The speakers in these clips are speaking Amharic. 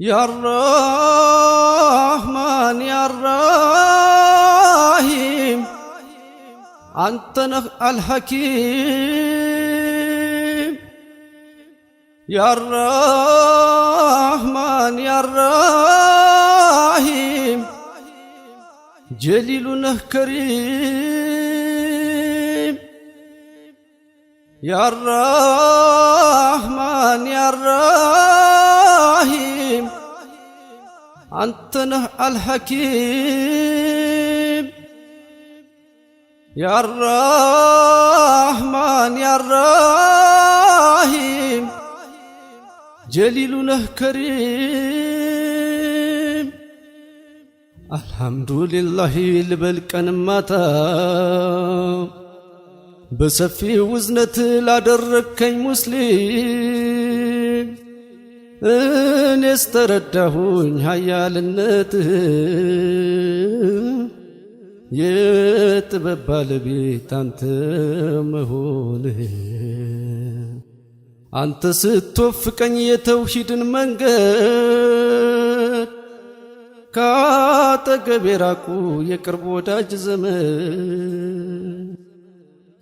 يا الرحمن يا الرحيم أنت الحكيم يا الرحمن يا الرحيم جليلنا كريم يا الرحمن يا الرحيم أنت الحكيم يا الرحمن يا الرحيم جليلنا كريم الحمد لله ልበልቀን ማታ በሰፊ ውዝነት ላደረግከኝ مسلم እኔስ ተረዳሁኝ ኃያልነትህ የጥበብ ባለቤት አንተ መሆን አንተ ስትወፍቀኝ የተውሂድን መንገድ ከአጠገብ የራቁ የቅርብ ወዳጅ ዘመን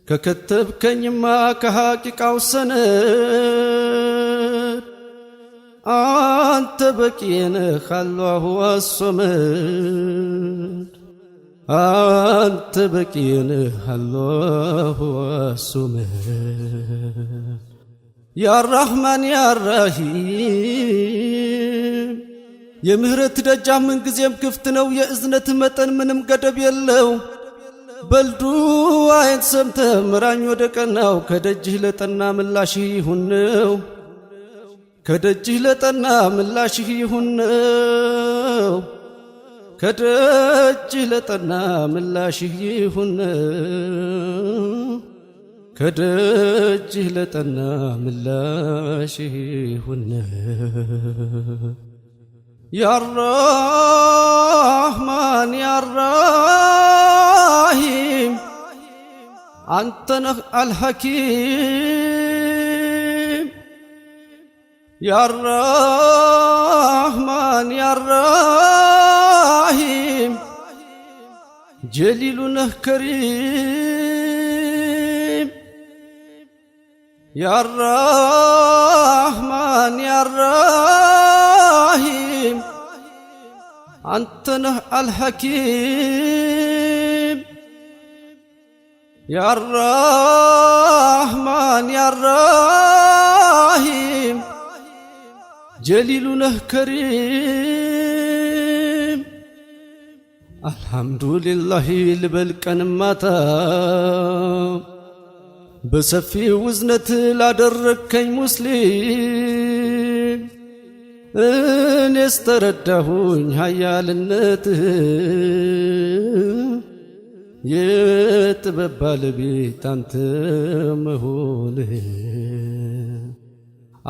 ከከተብከኝማ ከሐቂቃው ሰነድ አንተ በቂ ነህ አላሁ አሶመድ አንተ በቂ ነህ አላሁ አሶመድ ያ ራሂም የምህረት ደጃም ምንጊዜም ክፍት ነው። የእዝነት መጠን ምንም ገደብ የለው። በልዱ አይን ሰምተ ምራኝ ወደ ቀናው ከደጅህ ለጠና ምላሽ ይሁን ነው። ከደጅህ ለጠና ምላሽህ ይሁን ከደጅህ ለጠና ምላሽህ ይሁን ከደጅህ ለጠና ምላሽህ ይሁን ነው ያራህማን ያራሂም አንተ ነህ አልሐኪም يا الرحمن يا الرحيم جليلنا كريم يا الرحمن يا الرحيم أنت الحكيم يا الرحمن يا الرحيم جليلنا كريم الحمد لله لبلك نماتا بسفي وزنة لا أي مسلم ان يسترده نهاية للنت يتببال بيتان تمهولين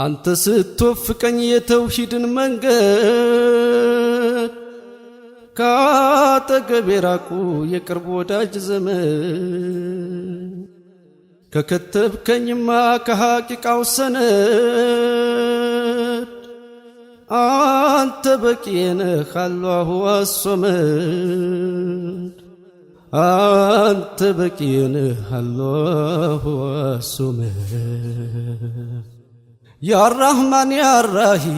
አንተ ስትወፍቀኝ የተውሂድን መንገድ ከአጠገቤ ራቁ የቅርብ ወዳጅ ዘመን ከከተብከኝማ ከሐቂቃው ሰነድ አንተ በቂየነ ካሏሁ አሶመድ አንተ በቂየነ አሏሁ አሶመድ ያራህማን ያራሂም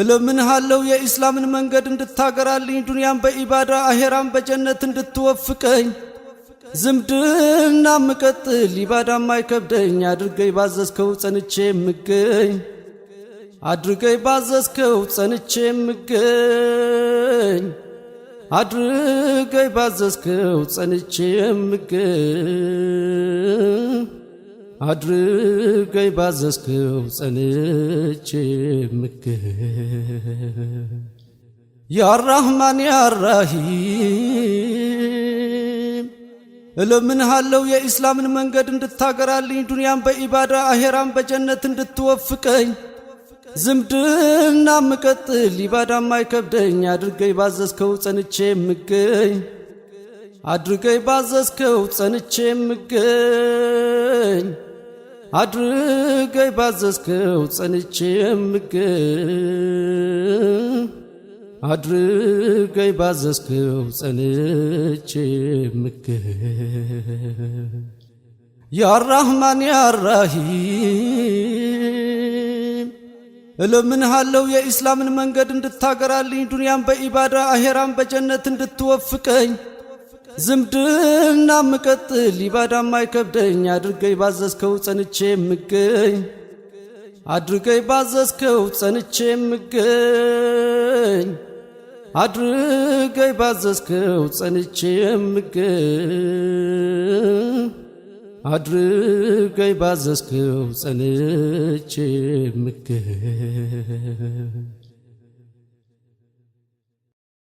እለምንሃለው የኢስላምን መንገድ እንድታገራልኝ ዱንያን በኢባዳ አሄራም በጀነት እንድትወፍቀኝ ዝምድና ምቀጥል ኢባዳ ማይከብደኝ አድርገኝ ባዘዝከው ጸንቼ ምገኝ አድርገኝ ባዘዝከው ጸንቼ ምገኝ አድርገኝ ባዘዝከው ጸንቼ ምገኝ አድርገይ ባዘዝከው ጸንቼ ምክር ያራህማን ያራሂም እለምንሃለው የኢስላምን መንገድ እንድታገራልኝ ዱንያም በኢባዳ አሄራም በጀነት እንድትወፍቀኝ ዝምድና ምቀጥል ኢባዳ ማይከብደኝ አድርገይ ባዘዝከው ጸንቼ ምገኝ አድርገይ ባዘዝከው ጸንቼ ምገኝ አድርገይ ባዘዝከው ጸንቼ የምገኝ አድርገይ ባዘዝከው ጸንቼ የምገኝ ያራህማን ያራሂም እለምንሃለው የኢስላምን መንገድ እንድታገራልኝ ዱንያም በኢባዳ አሄራም በጀነት እንድትወፍቀኝ ዝምድና ምቀጥል ሊባዳም አይከብደኝ አድርገኝ ባዘዝከው ጸንቼ ምገኝ አድርገይ ባዘዝከው ጸንቼ ምገኝ አድርገይ ባዘዝከው ጸንቼ ምገኝ አድርገይ ባዘዝከው ጸንቼ ምገኝ